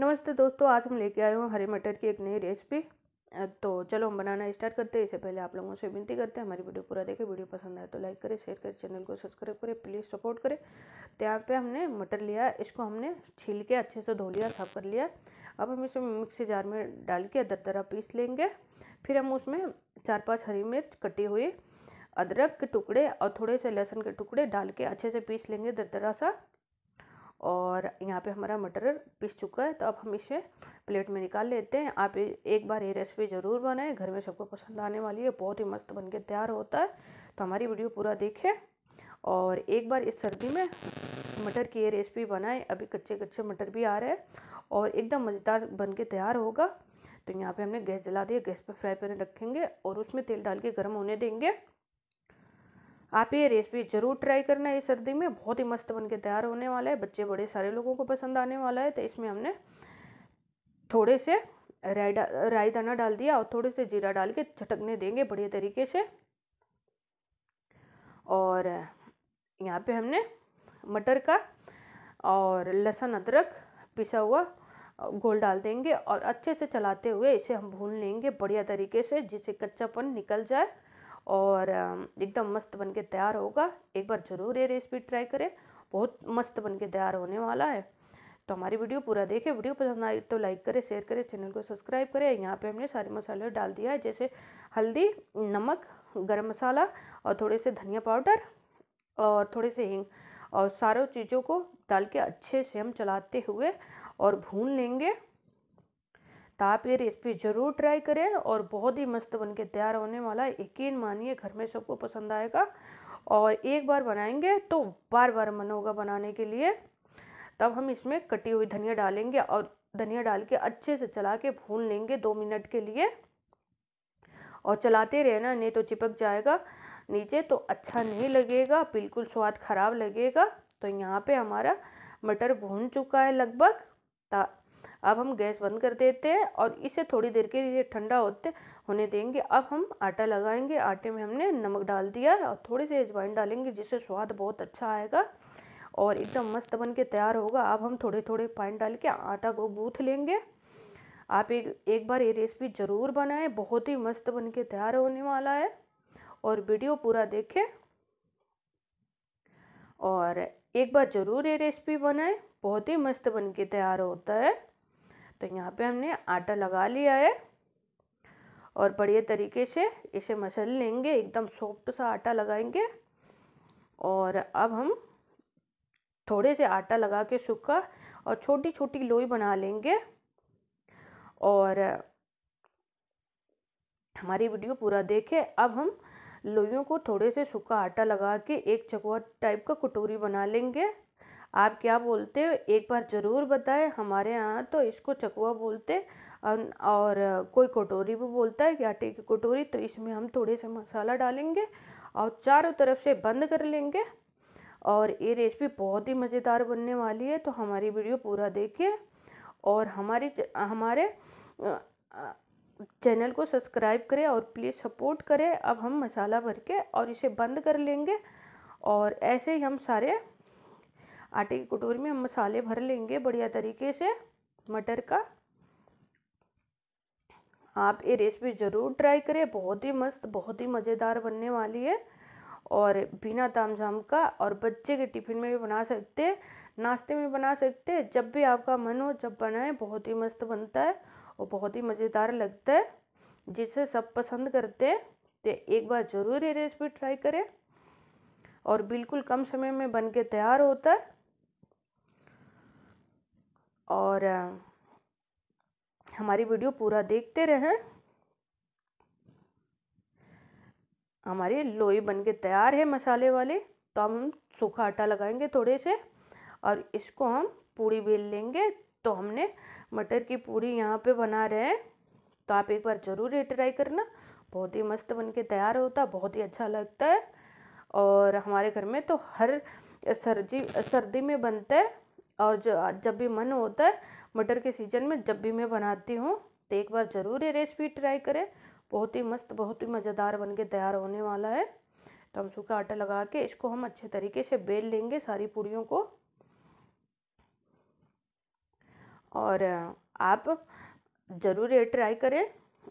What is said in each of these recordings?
नमस्ते दोस्तों आज हम लेके आए हूँ हरी मटर की एक नई रेसिपी तो चलो हम बनाना स्टार्ट करते हैं इससे पहले आप लोगों से विनती करते हैं हमारी वीडियो पूरा देखें वीडियो पसंद आए तो लाइक करें शेयर करें चैनल को सब्सक्राइब करें प्लीज़ सपोर्ट करें तो यहाँ पे हमने मटर लिया इसको हमने छील के अच्छे से धो लिया साफ कर लिया अब हम इसे मिक्सी जार में डाल के दरदरा पीस लेंगे फिर हम उसमें चार पाँच हरी मिर्च कटी हुई अदरक के टुकड़े और थोड़े से लहसुन के टुकड़े डाल के अच्छे से पीस लेंगे दरदरा सा और यहाँ पे हमारा मटर पिस चुका है तो अब हम इसे प्लेट में निकाल लेते हैं आप एक बार ये रेसिपी ज़रूर बनाएं घर में सबको पसंद आने वाली है बहुत ही मस्त बन के तैयार होता है तो हमारी वीडियो पूरा देखें और एक बार इस सर्दी में मटर की ये रेसिपी बनाएं अभी कच्चे कच्चे मटर भी आ रहे हैं और एकदम मज़ेदार बन के तैयार होगा तो यहाँ पर हमने गैस जला दिया गैस पर फ्राई पैन रखेंगे और उसमें तेल डाल के गर्म होने देंगे आप ये रेसिपी ज़रूर ट्राई करना ये सर्दी में बहुत ही मस्त बन के तैयार होने वाला है बच्चे बड़े सारे लोगों को पसंद आने वाला है तो इसमें हमने थोड़े से राई डा राई दाना डाल दिया और थोड़े से जीरा डाल के झटकने देंगे बढ़िया तरीके से और यहाँ पे हमने मटर का और लहसुन अदरक पिसा हुआ घोल डाल देंगे और अच्छे से चलाते हुए इसे हम भून लेंगे बढ़िया तरीके से जिससे कच्चापन निकल जाए और एकदम मस्त बन के तैयार होगा एक बार ज़रूर ये रेसिपी ट्राई करें बहुत मस्त बन के तैयार होने वाला है तो हमारी वीडियो पूरा देखें वीडियो पसंद आए तो लाइक करें शेयर करें चैनल को सब्सक्राइब करें यहाँ पे हमने सारे मसाले डाल दिया है जैसे हल्दी नमक गरम मसाला और थोड़े से धनिया पाउडर और थोड़े से हिंग और सारों चीज़ों को डाल के अच्छे से हम चलाते हुए और भून लेंगे तो आप ये रेसिपी ज़रूर ट्राई करें और बहुत ही मस्त बन के तैयार होने वाला है यकीन मानिए घर में सबको पसंद आएगा और एक बार बनाएंगे तो बार बार मन होगा बनाने के लिए तब हम इसमें कटी हुई धनिया डालेंगे और धनिया डाल के अच्छे से चला के भून लेंगे दो मिनट के लिए और चलाते रहना नहीं तो चिपक जाएगा नीचे तो अच्छा नहीं लगेगा बिल्कुल स्वाद ख़राब लगेगा तो यहाँ पे हमारा मटर भून चुका है लगभग ता अब हम गैस बंद कर देते हैं और इसे थोड़ी देर के लिए ठंडा होते होने देंगे अब हम आटा लगाएंगे आटे में हमने नमक डाल दिया और थोड़े से अजवाइन डालेंगे जिससे स्वाद बहुत अच्छा आएगा और एकदम मस्त बन के तैयार होगा अब हम थोड़े थोड़े पानी डाल के आटा को गूँथ लेंगे आप एक एक बार ये रेसिपी ज़रूर बनाएं बहुत ही मस्त बन के तैयार होने वाला है और वीडियो पूरा देखें और एक बार ज़रूर ये रेसिपी बनाएं बहुत ही मस्त बन के तैयार होता है तो यहाँ पे हमने आटा लगा लिया है और बढ़िया तरीके से इसे मसल लेंगे एकदम सॉफ्ट सा आटा लगाएंगे और अब हम थोड़े से आटा लगा के सूखा और छोटी छोटी लोई बना लेंगे और हमारी वीडियो पूरा देखें अब हम लोइयों को थोड़े से सूखा आटा लगा के एक चकवा टाइप का कटोरी बना लेंगे आप क्या बोलते हो एक बार ज़रूर बताएं हमारे यहाँ तो इसको चकुआ बोलते और कोई कटोरी भी बोलता है कि आटे की कटोरी तो इसमें हम थोड़े से मसाला डालेंगे और चारों तरफ से बंद कर लेंगे और ये रेसिपी बहुत ही मज़ेदार बनने वाली है तो हमारी वीडियो पूरा देखिए और हमारी हमारे चैनल को सब्सक्राइब करें और प्लीज़ सपोर्ट करें अब हम मसाला भर के और इसे बंद कर लेंगे और ऐसे ही हम सारे आटे की कटोरी में हम मसाले भर लेंगे बढ़िया तरीके से मटर का आप ये रेसिपी ज़रूर ट्राई करें बहुत ही मस्त बहुत ही मज़ेदार बनने वाली है और बिना ताम झाम का और बच्चे के टिफ़िन में भी बना सकते हैं नाश्ते में बना सकते हैं जब भी आपका मन हो जब बनाए बहुत ही मस्त बनता है और बहुत ही मज़ेदार लगता है जिसे सब पसंद करते हैं तो एक बार ज़रूर ये रेसिपी ट्राई करें और बिल्कुल कम समय में बन के तैयार होता है और हमारी वीडियो पूरा देखते रहें हमारे लोई बन के तैयार है मसाले वाले तो हम सूखा आटा लगाएंगे थोड़े से और इसको हम पूड़ी बेल लेंगे तो हमने मटर की पूड़ी यहाँ पे बना रहे हैं तो आप एक बार ज़रूर ये ट्राई करना बहुत ही मस्त बन के तैयार होता बहुत ही अच्छा लगता है और हमारे घर में तो हर सर्दी सर्दी में बनता है और जो जब भी मन होता है मटर के सीजन में जब भी मैं बनाती हूँ तो एक बार ज़रूर ये रेसिपी ट्राई करें बहुत ही मस्त बहुत ही मज़ेदार बन के तैयार होने वाला है तो हम सूखा आटा लगा के इसको हम अच्छे तरीके से बेल लेंगे सारी पूड़ियों को और आप ज़रूर ये ट्राई करें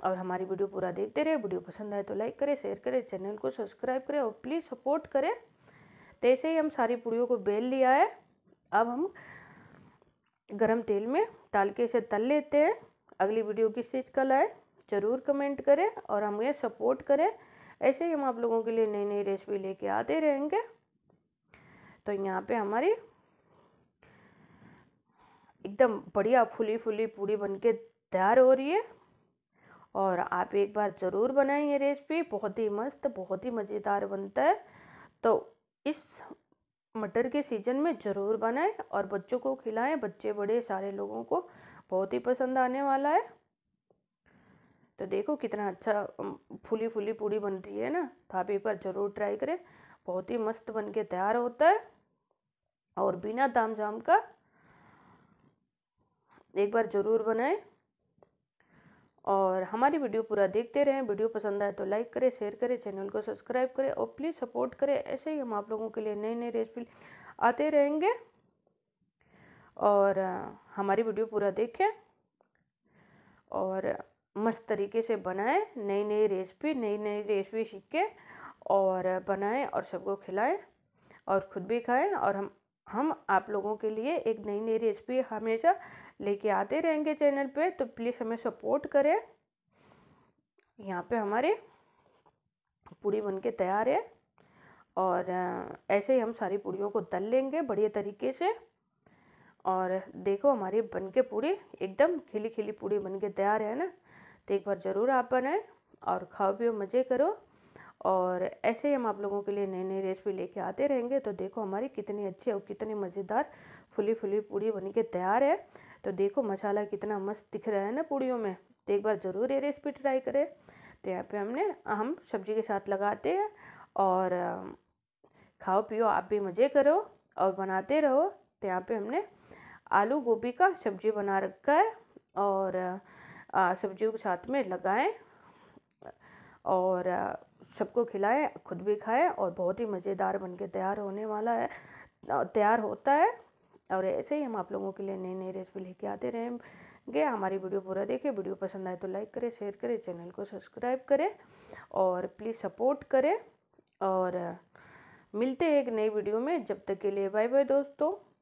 और हमारी वीडियो पूरा देखते रहे वीडियो पसंद आए तो लाइक करें शेयर करें चैनल को सब्सक्राइब करें और प्लीज़ सपोर्ट करें तो ऐसे ही हम सारी पूड़ियों को बेल लिया है अब हम गरम तेल में डाल के इसे तल लेते हैं अगली वीडियो किस चीज़ का लाए ज़रूर कमेंट करें और हमें सपोर्ट करें ऐसे ही हम आप लोगों के लिए नई नई रेसिपी लेके आते रहेंगे तो यहाँ पे हमारी एकदम बढ़िया फुली फुली पूड़ी बनके तैयार हो रही है और आप एक बार ज़रूर बनाएं ये रेसिपी बहुत ही मस्त बहुत ही मज़ेदार बनता है तो इस मटर के सीज़न में ज़रूर बनाएं और बच्चों को खिलाएं बच्चे बड़े सारे लोगों को बहुत ही पसंद आने वाला है तो देखो कितना अच्छा फूली फूली पूड़ी बनती है ना तो आप एक बार ज़रूर ट्राई करें बहुत ही मस्त बन के तैयार होता है और बिना दाम जाम का एक बार ज़रूर बनाएं और हमारी वीडियो पूरा देखते रहें वीडियो पसंद आए तो लाइक करें शेयर करें चैनल को सब्सक्राइब करें और प्लीज़ सपोर्ट करें ऐसे ही हम आप लोगों के लिए नई नई रेसिपी आते रहेंगे और हमारी वीडियो पूरा देखें और मस्त तरीके से बनाएं नई नई रेसिपी नई नई रेसिपी सीखें और बनाएं और सबको खिलाएं और ख़ुद भी खाएं और हम हम आप लोगों के लिए एक नई नई रेसिपी हमेशा लेके आते रहेंगे चैनल पे तो प्लीज़ हमें सपोर्ट करें यहाँ पे हमारे पूरी बन के तैयार है और ऐसे ही हम सारी पूड़ियों को तल लेंगे बढ़िया तरीके से और देखो हमारी बन के पूड़ी एकदम खिली खिली पूड़ी बन के तैयार है ना तो एक बार ज़रूर आप बनाए और खाओ पियो मज़े करो और ऐसे ही हम आप लोगों के लिए नई नई रेसिपी लेके आते रहेंगे तो देखो हमारी कितनी अच्छी और कितनी मज़ेदार फुली फुली पूड़ी बन के तैयार है तो देखो मसाला कितना मस्त दिख रहा है ना पूड़ियों में तो एक बार ज़रूर ये रेसिपी ट्राई करें तो यहाँ पे हमने हम सब्जी के साथ लगाते हैं और खाओ पियो आप भी मज़े करो और बनाते रहो तो यहाँ पर हमने आलू गोभी का सब्जी बना रखा है और सब्जियों के साथ में लगाएं और सबको खिलाए खुद भी खाए और बहुत ही मज़ेदार बन के तैयार होने वाला है तैयार होता है और ऐसे ही हम आप लोगों के लिए नई नई रेसिपी लेके आते रहेंगे हमारी वीडियो पूरा देखें वीडियो पसंद आए तो लाइक करें शेयर करें चैनल को सब्सक्राइब करें और प्लीज़ सपोर्ट करें और मिलते हैं एक नई वीडियो में जब तक के लिए बाय बाय दोस्तों